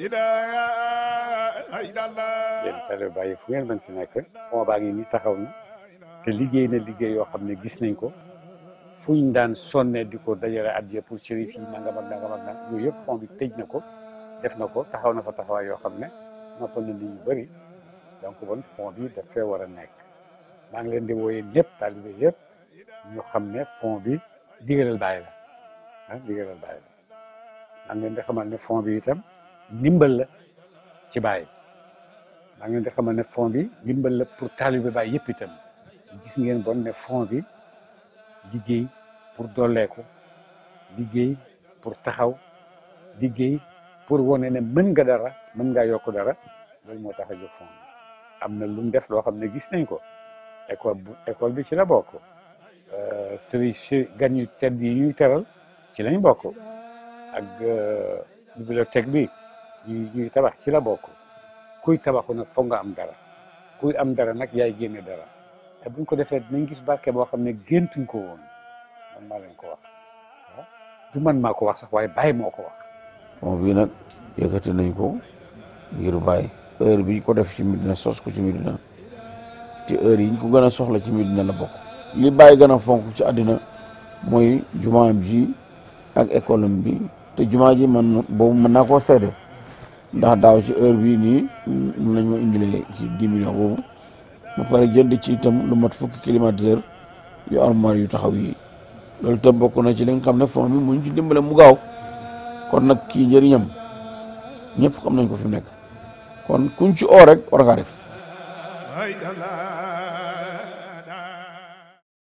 yéen taalibe Baay fu ngeen mën si nekk fond baa ngi ni taxaw na te liggéey na liggéey yoo xam ne gis nañ ko fu ñu daan sonne di ko dajale addiya pour chérif ak nangam ak nangam yooyu yëpp fond bi tëj na ko def na ko taxaw na fa taxawaay yoo xam ne noppal na nit ñu bëri donc bon fond war a nekk maa ngi leen di wooyee ñëpp taalibe yëpp ñu xam ne fond bi digalal Baay la ah digalal maa ngi leen di xamal ne fond bi itam ndimbal la ci Baye maa ngi leen xamal ne fond bi ndimbal la pour taalibe Baye yëpp itam gis ngeen bon ne fond bi liggéey pour dolleeku liggéey pour taxaw liggéey pour wone ne mën nga dara mën ngaa yokk dara loolu moo tax a jóg fond am na lu mu def loo xam ne gis nañ ko école bu école bi ci la bokk euh, sëriñ si gan yu ñuy teral ci lañ bokk ak euh, bibliothèque bi yi yi tabax ci la bokk kuy tabaxu nag foog nga am dara kuy am dara nag yaay génne dara te buñ ko defee dinañ gis barke boo xam ne géntuñ ko woon man maa leen ko wax du man maa ko wax sax waaye bàyyi moo ko wax. moom bii nag yëkkati nañ ko ngir bàyyi heure bi ko def ci Medina sos ko ci Medina ci heure ko gën a soxla ci Medina la bokk. li bàyyi gën a fonk ci àddina mooy jumaa ji ak école bi te jumaa ji man boobu mën naa koo seede ndax daaw ci heure bii nii mun nañ ma indilee ci ba pare jënd ci itam lu mat fukki climatiseur yu armoire yu taxaw yi loolu itam bokk na ci li nga xam ne fond bi mu ñu ci dimbale mu gaaw kon nag kii njëriñam ñëpp xam nañ ko fi nekk kon kuñ ci oo rek war ngaa def